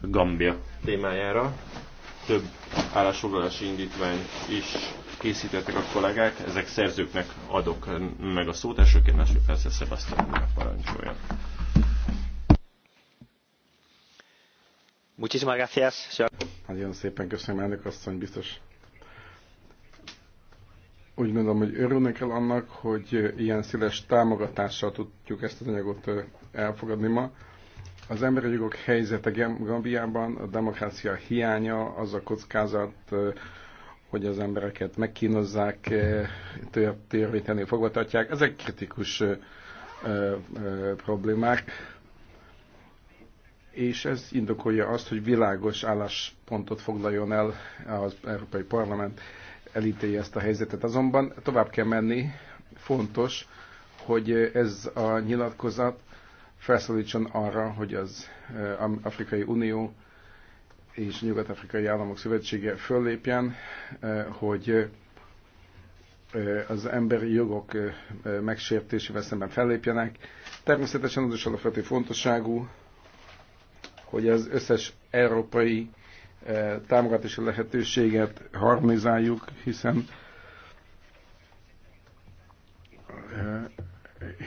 Gambia témájára. Több állásfoglalási indítvány is készítettek a kollégák, ezek szerzőknek adok meg a szót, elsőként másfél persze Sebastian parancsolja. Muchísimas gracias. Nagyon szépen köszönöm, elnök asszony, biztos úgy gondolom, hogy örülnek el annak, hogy ilyen széles támogatással tudjuk ezt az anyagot elfogadni ma az emberi jogok helyzete Gambiában, a demokrácia hiánya, az a kockázat, hogy az embereket megkínozzák, tör, törvénytelenül fogvatartják. Ezek kritikus ö, ö, problémák, és ez indokolja azt, hogy világos álláspontot foglaljon el az Európai Parlament, elítélje ezt a helyzetet. Azonban tovább kell menni, fontos, hogy ez a nyilatkozat felszólítson arra, hogy az eh, Afrikai Unió és Nyugat-Afrikai Államok Szövetsége föllépjen, eh, hogy eh, az emberi jogok megsértésével szemben fellépjenek. Természetesen az is alapvető fontosságú, hogy az összes európai támogatási lehetőséget harmonizáljuk, hiszen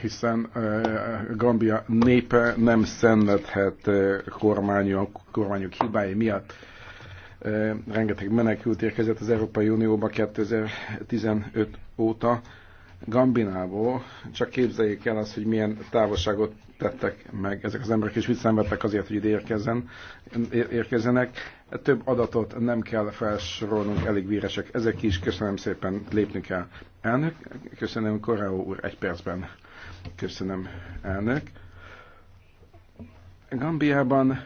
hiszen Gambia népe nem szenvedhet kormányok, kormányok hibái miatt. Rengeteg menekült érkezett az Európai Unióba 2015 óta. Gambinából, csak képzeljék el azt, hogy milyen távolságot tettek meg ezek az emberek, és mit szenvedtek azért, hogy ide érkezzen, érkezzenek. Több adatot nem kell felsorolnunk, elég víresek. Ezek is, köszönöm szépen, lépni kell. Elnök, köszönöm, Koreó úr, egy percben. Köszönöm, elnök. Gambiában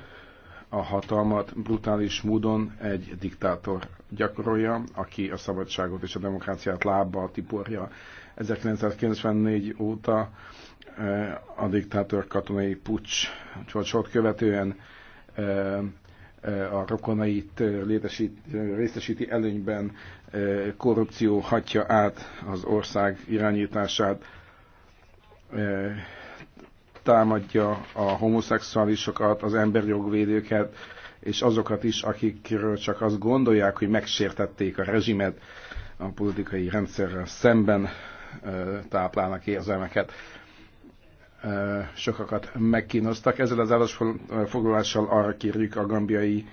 a hatalmat brutális módon egy diktátor gyakorolja, aki a szabadságot és a demokráciát lábbal tiporja. 1994 óta eh, a diktátor katonai pucs vagy követően eh, eh, a rokonait részesíti előnyben korrupció hatja át az ország irányítását támadja a homoszexuálisokat, az emberjogvédőket, és azokat is, akikről csak azt gondolják, hogy megsértették a rezsimet, a politikai rendszerrel szemben táplálnak érzelmeket. Sokakat megkínoztak. Ezzel az állásfoglalással arra kérjük a gambiai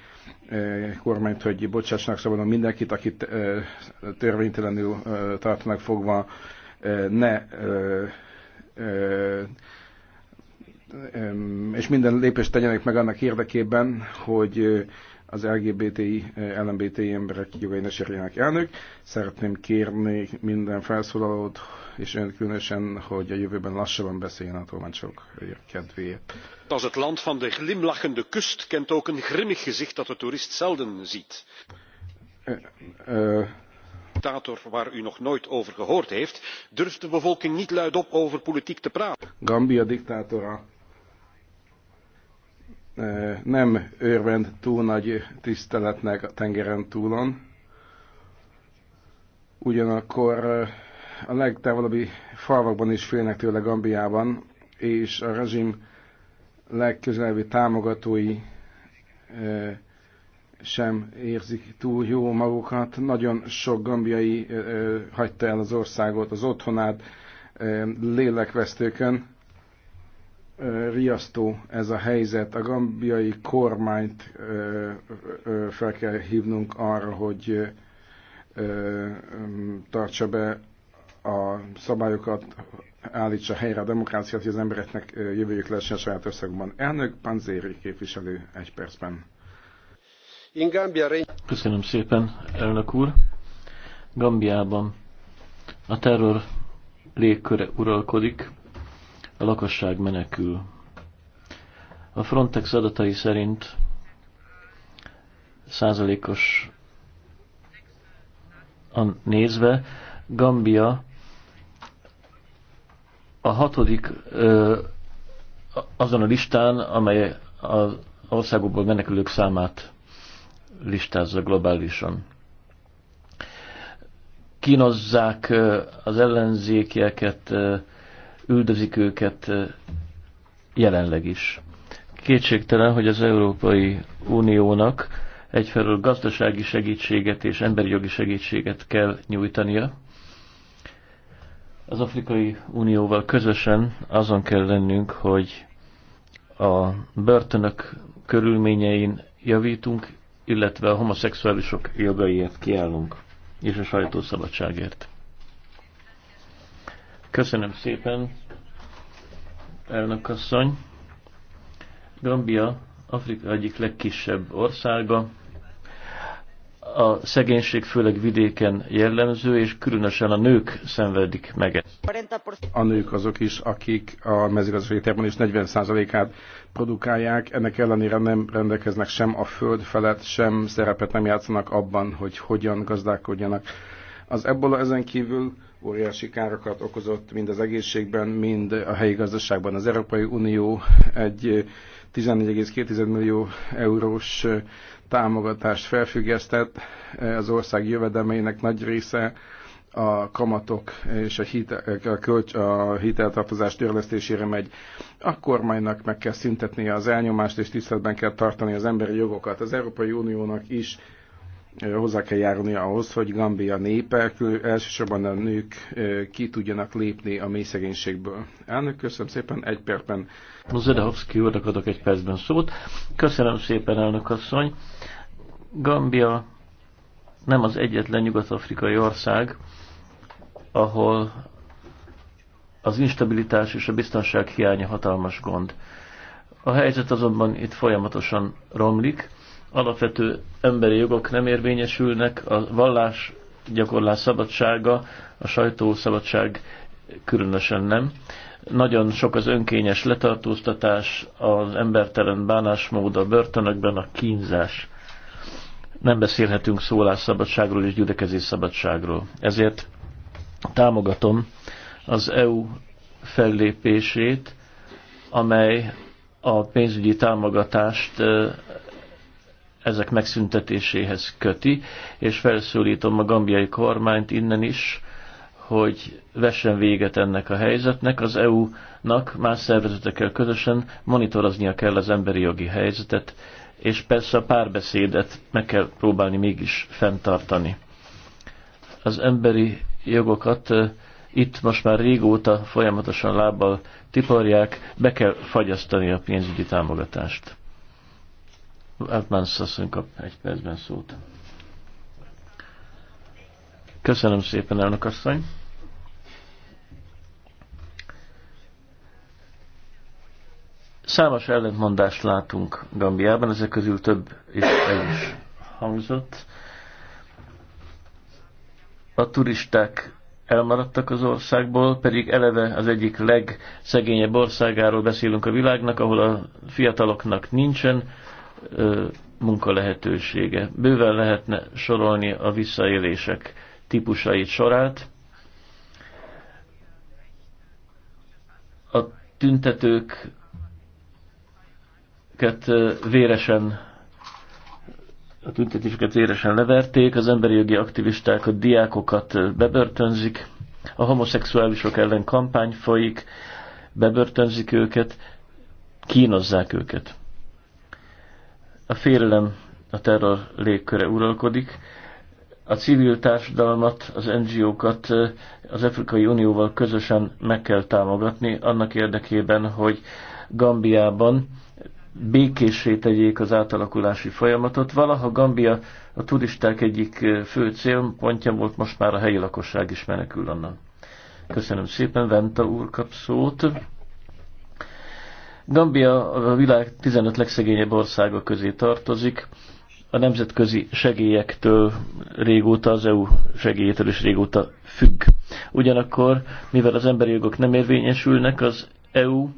kormányt, hogy bocsássanak szabadon mindenkit, akit törvénytelenül tartanak fogva, ne és minden lépést tegyenek meg annak érdekében, hogy az LGBTI, LMBT emberek jogai ne sérjenek elnök. Szeretném kérni minden felszólalót, és ön különösen, hogy a jövőben lassabban beszéljen a tolmácsok kedvéért. Az het land van de glimlachende kust kent ook een grimmig gezicht dat de toerist zelden ziet dictator waar u nog nooit over gehoord heeft durft de bevolking niet luidop over politiek te praten. Gambia dictátora eh, nem örvend túl nagy tiszteletnek a tengeren túlon. Ugyanakkor eh, a legtávolabbi falvakban is félnek tőle Gambiában, és a rezsim legközelebbi támogatói eh, sem érzik túl jó magukat. Nagyon sok gambiai ö, hagyta el az országot, az otthonát ö, lélekvesztőkön. Ö, riasztó ez a helyzet. A gambiai kormányt ö, ö, fel kell hívnunk arra, hogy ö, tartsa be a szabályokat, állítsa helyre a demokráciát, hogy az embereknek jövőjük lesz a saját országban. Elnök Panzéri képviselő egy percben. Köszönöm szépen, elnök úr. Gambiában a terror légköre uralkodik, a lakosság menekül. A Frontex adatai szerint százalékos nézve Gambia a hatodik ö, azon a listán, amely az országokból menekülők számát listázza globálisan. Kínozzák az ellenzékieket, üldözik őket jelenleg is. Kétségtelen, hogy az Európai Uniónak egyfelől gazdasági segítséget és emberi jogi segítséget kell nyújtania. Az Afrikai Unióval közösen azon kell lennünk, hogy a börtönök körülményein javítunk, illetve a homoszexuálisok jogaiért kiállunk, és a sajtószabadságért. Köszönöm szépen, elnök asszony. Gambia Afrika egyik legkisebb országa, a szegénység főleg vidéken jellemző, és különösen a nők szenvedik meg ezt. A nők azok is, akik a mezőgazdasági termelés 40%-át produkálják, ennek ellenére nem rendelkeznek sem a föld felett, sem szerepet nem játszanak abban, hogy hogyan gazdálkodjanak az ebola ezen kívül óriási károkat okozott mind az egészségben, mind a helyi gazdaságban. Az Európai Unió egy 14,2 millió eurós támogatást felfüggesztett. Az ország jövedelmeinek nagy része a kamatok és a, hitel, a, kölcs, a hiteltartozás törlesztésére megy, a kormánynak meg kell szüntetnie az elnyomást, és tiszteletben kell tartani az emberi jogokat. Az Európai Uniónak is hozzá kell járni ahhoz, hogy Gambia népe, elsősorban a nők ki tudjanak lépni a mély szegénységből. Elnök, köszönöm szépen, egy percben. Zedehovszki úrnak adok egy percben szót. Köszönöm szépen, elnök asszony. Gambia nem az egyetlen nyugat-afrikai ország, ahol az instabilitás és a biztonság hiánya hatalmas gond. A helyzet azonban itt folyamatosan romlik, alapvető emberi jogok nem érvényesülnek, a vallás gyakorlás szabadsága, a sajtó szabadság különösen nem. Nagyon sok az önkényes letartóztatás, az embertelen bánásmód a börtönökben, a kínzás. Nem beszélhetünk szólásszabadságról és gyülekezés szabadságról. Ezért támogatom az EU fellépését, amely a pénzügyi támogatást ezek megszüntetéséhez köti, és felszólítom a gambiai kormányt innen is, hogy vessen véget ennek a helyzetnek. Az EU-nak más szervezetekkel közösen monitoroznia kell az emberi jogi helyzetet, és persze a párbeszédet meg kell próbálni mégis fenntartani. Az emberi jogokat itt most már régóta folyamatosan lábbal tiparják, be kell fagyasztani a pénzügyi támogatást. Altmans asszony kap egy percben szót. Köszönöm szépen, elnök asszony. Számos ellentmondást látunk Gambiában, ezek közül több is el is hangzott. A turisták elmaradtak az országból, pedig eleve az egyik legszegényebb országáról beszélünk a világnak, ahol a fiataloknak nincsen munkalehetősége. Bőven lehetne sorolni a visszaélések típusait sorát. A tüntetőket véresen a tüntetéseket véresen leverték, az emberi jogi a diákokat bebörtönzik, a homoszexuálisok ellen kampány folyik, bebörtönzik őket, kínozzák őket a félelem, a terror légköre uralkodik, a civil társadalmat, az NGO-kat az Afrikai Unióval közösen meg kell támogatni, annak érdekében, hogy Gambiában békésé tegyék az átalakulási folyamatot. Valaha Gambia a turisták egyik fő célpontja volt, most már a helyi lakosság is menekül onnan. Köszönöm szépen, Venta úr kap szót. Gambia a világ 15 legszegényebb országa közé tartozik. A nemzetközi segélyektől régóta, az EU segélyétől is régóta függ. Ugyanakkor, mivel az emberi jogok nem érvényesülnek, az EU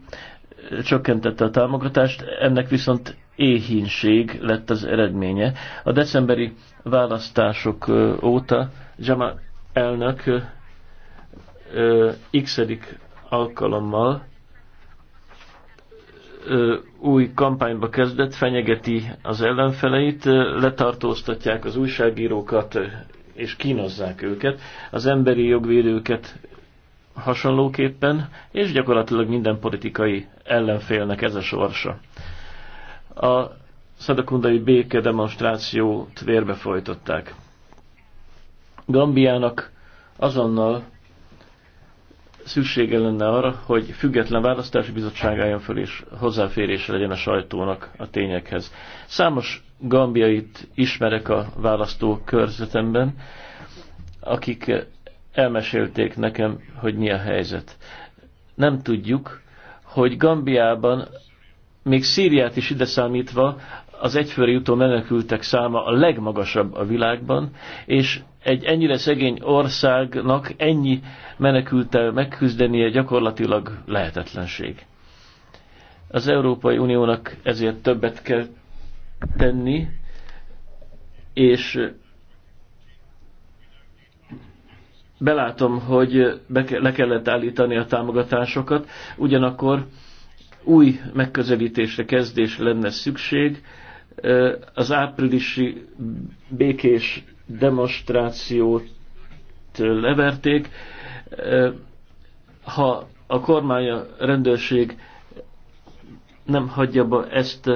csökkentette a támogatást, ennek viszont éhínség lett az eredménye. A decemberi választások óta Jama elnök x alkalommal új kampányba kezdett, fenyegeti az ellenfeleit, letartóztatják az újságírókat és kínozzák őket, az emberi jogvédőket hasonlóképpen, és gyakorlatilag minden politikai ellenfélnek ez a sorsa. A szadakundai béke demonstrációt vérbe folytották. Gambiának azonnal szüksége lenne arra, hogy független választási bizottság álljon föl, és hozzáférése legyen a sajtónak a tényekhez. Számos gambiait ismerek a választó körzetemben, akik elmesélték nekem, hogy mi a helyzet. Nem tudjuk, hogy Gambiában, még Szíriát is ide számítva, az egyfőre jutó menekültek száma a legmagasabb a világban, és egy ennyire szegény országnak ennyi menekültel megküzdenie gyakorlatilag lehetetlenség. Az Európai Uniónak ezért többet kell tenni, és belátom, hogy be ke- le kellett állítani a támogatásokat, ugyanakkor új megközelítésre, kezdés lenne szükség, az áprilisi békés demonstrációt leverték. Ha a kormány, a rendőrség nem hagyja be ezt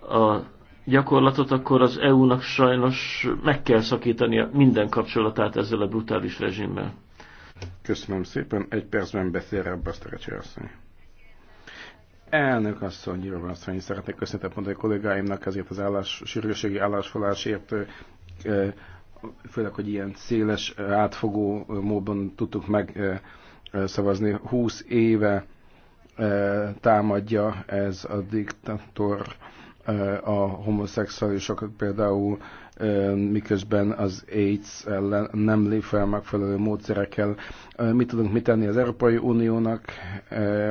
a gyakorlatot, akkor az EU-nak sajnos meg kell szakítania minden kapcsolatát ezzel a brutális rezsimmel. Köszönöm szépen, egy percben beszél a Cserszony. Elnök asszony, Jóban asszony, szeretnék köszönetet mondani a kollégáimnak ezért az állás, sürgőségi állásfoglalásért, főleg, hogy ilyen széles, átfogó módon tudtuk megszavazni. 20 éve támadja ez a diktator a homoszexuálisokat például miközben az AIDS ellen nem lép fel megfelelő módszerekkel. Mit tudunk mit tenni az Európai Uniónak,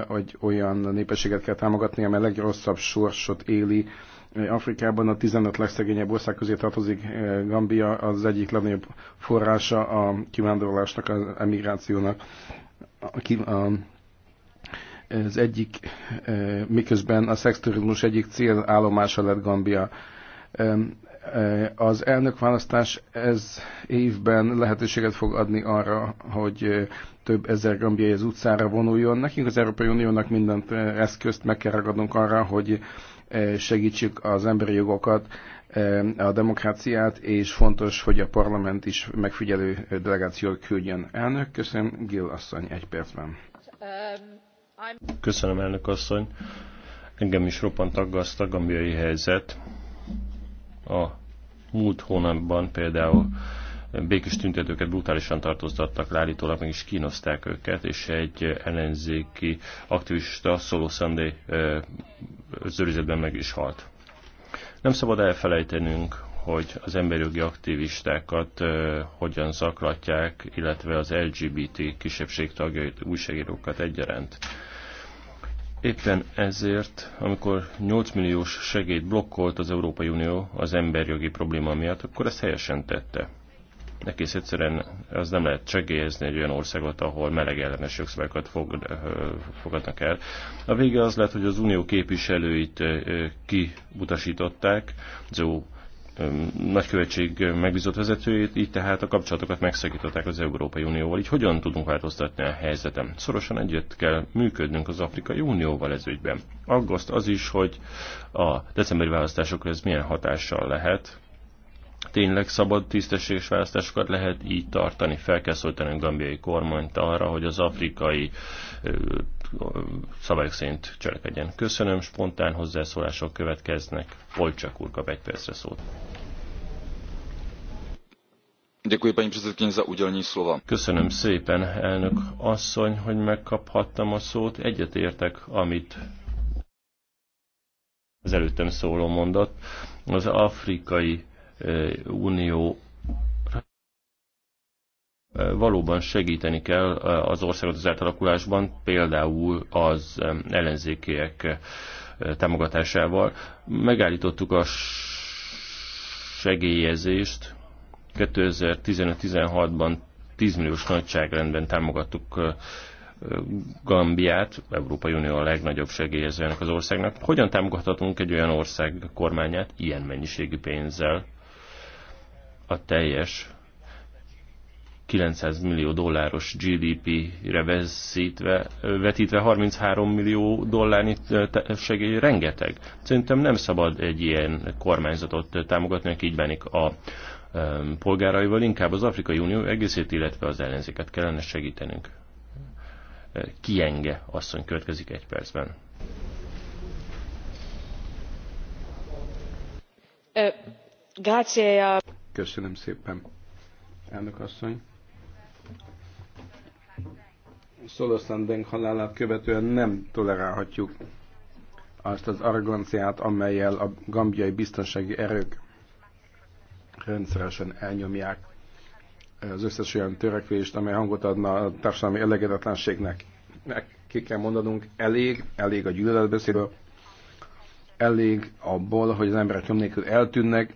hogy olyan népességet kell támogatni, amely legrosszabb sorsot éli Afrikában a 15 legszegényebb ország közé tartozik Gambia, az egyik legnagyobb forrása a kivándorlásnak, az emigrációnak. az egyik, miközben a szexturizmus egyik célállomása lett Gambia. Eh, az elnökválasztás ez évben lehetőséget fog adni arra, hogy eh, több ezer gambiai az utcára vonuljon. Nekünk az Európai Uniónak mindent eh, eszközt meg kell ragadnunk arra, hogy segítsük az emberi jogokat, a demokráciát, és fontos, hogy a parlament is megfigyelő delegációt küldjön. Elnök, köszönöm, Gil asszony, egy percben. Köszönöm, elnök asszony. Engem is roppant aggaszt a gambiai helyzet. A múlt hónapban például békés tüntetőket brutálisan tartóztattak állítólag meg is kínozták őket, és egy ellenzéki aktivista, Solo Sunday zőrizetben meg is halt. Nem szabad elfelejtenünk, hogy az emberjogi aktivistákat ö, hogyan zaklatják, illetve az LGBT kisebbség tagjait, újságírókat egyaránt. Éppen ezért, amikor 8 milliós segélyt blokkolt az Európai Unió az emberjogi probléma miatt, akkor ezt helyesen tette. Egész egyszerűen az nem lehet segélyezni egy olyan országot, ahol meleg ellenes jogszabályokat fog, fogadnak el. A vége az lett, hogy az unió képviselőit kiutasították, az EU nagykövetség megbízott vezetőjét, így tehát a kapcsolatokat megszakították az Európai Unióval. Így hogyan tudunk változtatni a helyzetem? Szorosan együtt kell működnünk az Afrikai Unióval ez ügyben. Aggaszt az is, hogy a decemberi választásokra ez milyen hatással lehet. Tényleg szabad, tisztességes választásokat lehet így tartani. Fel kell szólítani a gambiai kormányt arra, hogy az afrikai szabályok szerint cselekedjen. Köszönöm, spontán hozzászólások következnek. Polcsak úr kap egy percre szót. Köszönöm szépen, elnök asszony, hogy megkaphattam a szót. Egyetértek, amit az előttem szóló mondott. Az Afrikai eh, Unió valóban segíteni kell az országot az átalakulásban, például az ellenzékiek támogatásával. Megállítottuk a segélyezést, 2015-16-ban 10 milliós nagyságrendben támogattuk Gambiát, Európai Unió a legnagyobb segélyezőjének az országnak. Hogyan támogathatunk egy olyan ország kormányát ilyen mennyiségű pénzzel? A teljes 900 millió dolláros GDP-re vetítve 33 millió dollárnyi eh, segély rengeteg. Szerintem nem szabad egy ilyen kormányzatot eh, támogatni, aki így bánik a polgáraival, inkább az Afrikai Unió egészét, illetve az ellenzéket kellene segítenünk. Eh, Kienge asszony következik egy percben. Köszönöm szépen, elnök asszony. Szoloszan Deng halálát követően nem tolerálhatjuk azt az arroganciát, amelyel a gambiai biztonsági erők rendszeresen elnyomják az összes olyan törekvést, amely hangot adna a társadalmi elégedetlenségnek. Ki kell mondanunk, elég, elég a gyűlöletbeszédből, elég abból, hogy az emberek nyom nélkül eltűnnek,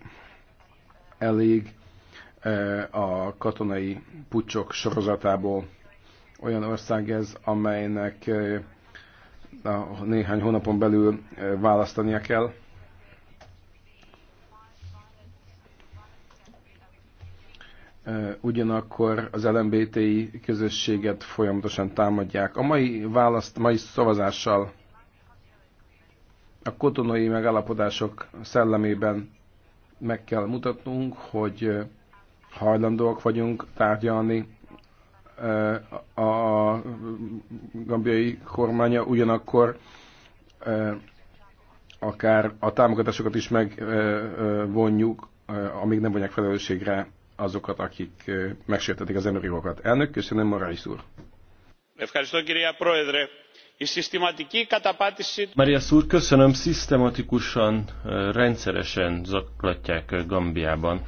elég eh, a katonai pucsok sorozatából, olyan ország ez, amelynek eh, a néhány hónapon belül eh, választania kell. Eh, ugyanakkor az LMBTI közösséget folyamatosan támadják. A mai választ, mai szavazással a kotonai megállapodások szellemében meg kell mutatnunk, hogy hajlandóak vagyunk tárgyalni a gambiai kormánya ugyanakkor akár a támogatásokat is megvonjuk, amíg nem vonják felelősségre azokat, akik megsértették az emberi jogokat. Elnök, köszönöm, Morális úr. Maria úr, köszönöm, szisztematikusan, rendszeresen zaklatják Gambiában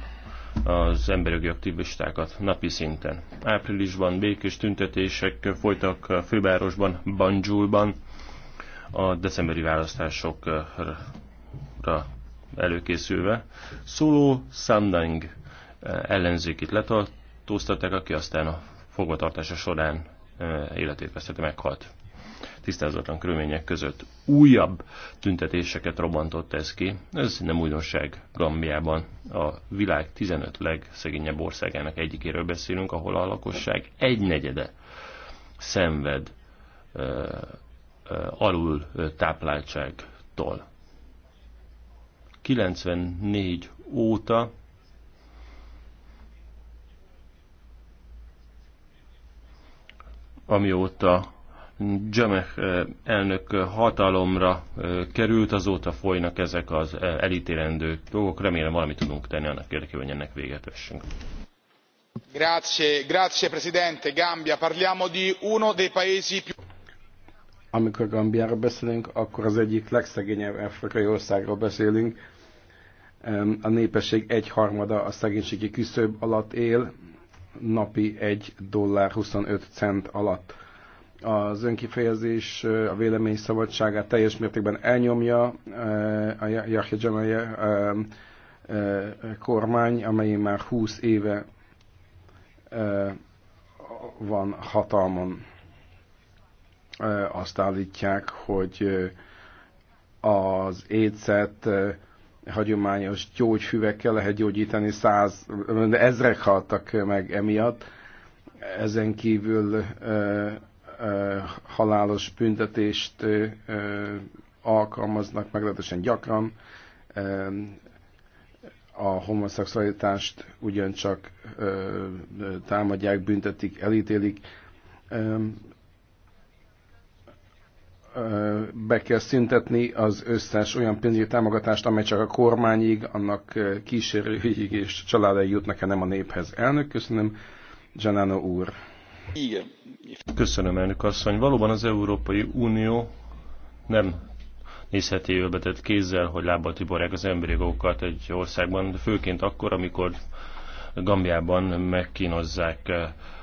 az emberi aktivistákat napi szinten. Áprilisban békés tüntetések folytak a fővárosban, Banjulban, a decemberi választásokra előkészülve. Szóló Sandang ellenzékét letartóztatták, aki aztán a fogvatartása során életét vesztette, meghalt tisztázatlan körülmények között. Újabb tüntetéseket robbantott ez ki. Ez nem újdonság Gambiában. A világ 15 legszegényebb országának egyikéről beszélünk, ahol a lakosság egynegyede szenved ö, ö, alul tápláltságtól. 94 óta amióta Jameh elnök hatalomra került, azóta folynak ezek az elítélendő dolgok. Remélem valamit tudunk tenni annak érdekében, hogy ennek véget vessünk. Grazie, grazie Presidente. Gambia, parliamo di uno dei paesi più... Amikor Gambiára beszélünk, akkor az egyik legszegényebb afrikai országról beszélünk. A népesség egy harmada a szegénységi küszöb alatt él, napi 1 dollár 25 cent alatt az önkifejezés, a vélemény szabadságát teljes mértékben elnyomja a Yahya kormány, amely már 20 éve van hatalmon. Azt állítják, hogy az étszet hagyományos gyógyfüvekkel lehet gyógyítani, száz, ezrek haltak meg emiatt. Ezen kívül halálos büntetést alkalmaznak meglehetősen gyakran, a homoszexualitást ugyancsak támadják, büntetik, elítélik. Be kell szüntetni az összes olyan pénzügyi támogatást, amely csak a kormányig, annak kísérőig és családai jutnak, -e, nem a néphez. Elnök, köszönöm. Janano úr. Igen. Köszönöm, elnök asszony. Valóban az Európai Unió nem nézheti ölbetett kézzel, hogy lábbal tiborják az emberi jogokat egy országban, főként akkor, amikor Gambiában megkínozzák, eh,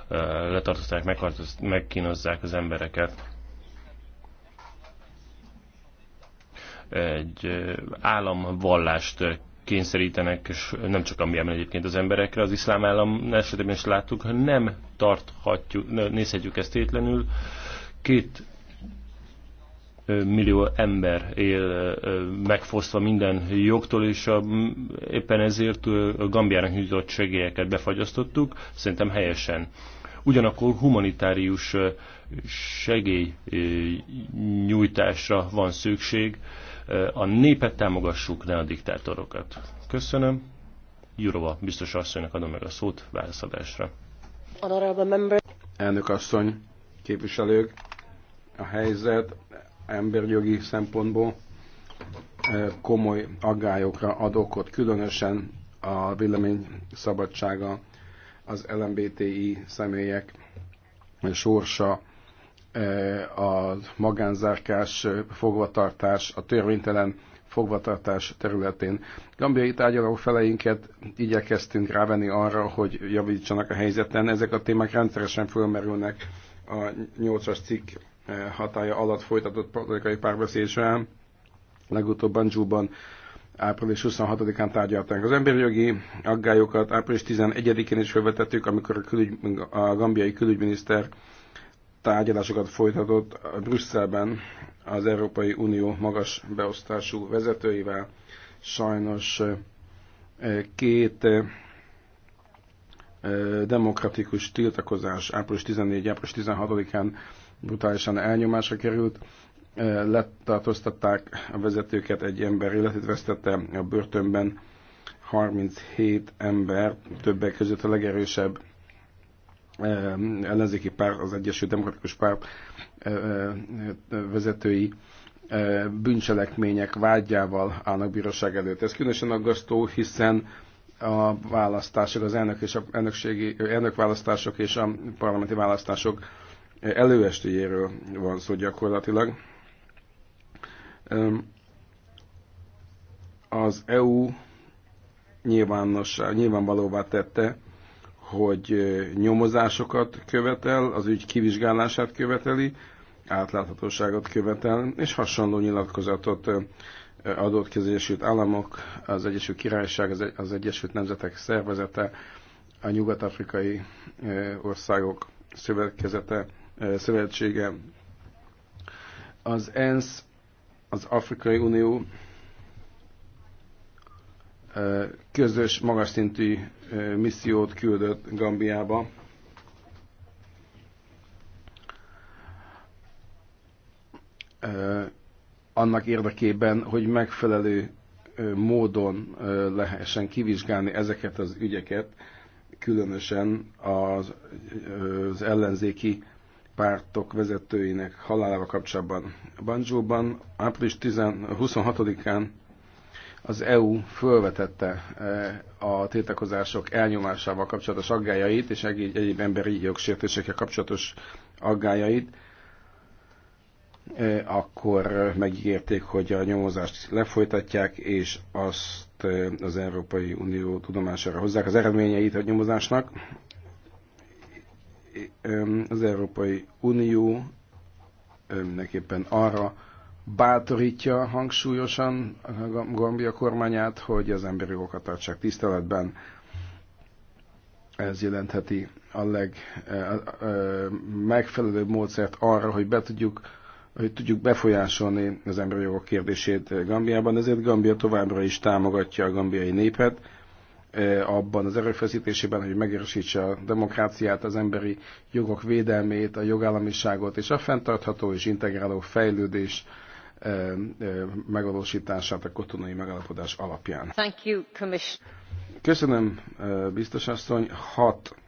eh, letartozták, megkínozzák az embereket. Egy eh, államvallást kényszerítenek, és nem csak amiben egyébként az emberekre, az iszlám állam esetében is láttuk, nem tarthatjuk, nézhetjük ezt tétlenül. Két millió ember él megfosztva minden jogtól, és a, éppen ezért a Gambiának nyújtott segélyeket befagyasztottuk, szerintem helyesen. Ugyanakkor humanitárius segélynyújtásra van szükség, a népet támogassuk, ne a diktátorokat. Köszönöm. Jurova biztos asszonynak adom meg a szót válaszadásra. Elnök asszony, képviselők, a helyzet emberjogi szempontból eh, komoly aggályokra ad okot, különösen a vélemény szabadsága, az LMBTI személyek sorsa a magánzárkás fogvatartás, a törvénytelen fogvatartás területén. Gambiai tárgyaló feleinket igyekeztünk rávenni arra, hogy javítsanak a helyzeten. Ezek a témák rendszeresen fölmerülnek a 8-as cikk eh, hatája alatt folytatott politikai párbeszéd Legutóbban Legutóbb Banjúban április 26-án tárgyalták az emberi jogi aggályokat, április 11-én is felvetettük, amikor a, külügy, a gambiai külügyminiszter tárgyalásokat folytatott Brüsszelben az Európai Unió magas beosztású vezetőivel. Sajnos két demokratikus tiltakozás április 14 április 16-án brutálisan elnyomásra került. Letartóztatták a vezetőket, egy ember életét vesztette a börtönben, 37 ember, többek között a legerősebb ellenzéki párt, az Egyesült Demokratikus Párt vezetői bűncselekmények vágyával állnak bíróság előtt. Ez különösen aggasztó, hiszen a választások, az elnök és a elnökségi, elnökválasztások és a parlamenti választások előestéjéről van szó gyakorlatilag. Az EU nyilvános, nyilvánvalóvá tette, hogy nyomozásokat követel, az ügy kivizsgálását követeli, átláthatóságot követel, és hasonló nyilatkozatot adott ki az Egyesült Államok, az Egyesült Királyság, az e- Egyesült Nemzetek Szervezete, a Nyugat-Afrikai Országok Szövetkezete, Szövetsége, az ENSZ, az Afrikai Unió közös magas szintű missziót küldött Gambiába. annak érdekében, hogy megfelelő módon lehessen kivizsgálni ezeket az ügyeket, különösen az, az ellenzéki pártok vezetőinek halálával kapcsolatban. Banjóban április 26-án az EU fölvetette eh, a tiltakozások elnyomásával kapcsolatos aggájait és egyéb emberi jogsértésekkel kapcsolatos aggájait, eh, akkor eh, megígérték, hogy a nyomozást lefolytatják, és azt az Európai Unió tudomására hozzák az eredményeit a nyomozásnak. Az Európai Unió neképpen arra bátorítja hangsúlyosan a Gambia kormányát, hogy az emberi jogokat tartsák tiszteletben. Ez jelentheti a legmegfelelőbb módszert arra, hogy be tudjuk hogy tudjuk befolyásolni az emberi jogok kérdését Gambiában, ezért Gambia továbbra is támogatja a gambiai népet e, abban az erőfeszítésében, hogy megerősítse a demokráciát, az emberi jogok védelmét, a jogállamiságot és a fenntartható és integráló fejlődés megvalósítását a kotonai megállapodás alapján. Thank you, Köszönöm, biztos asszony. Hat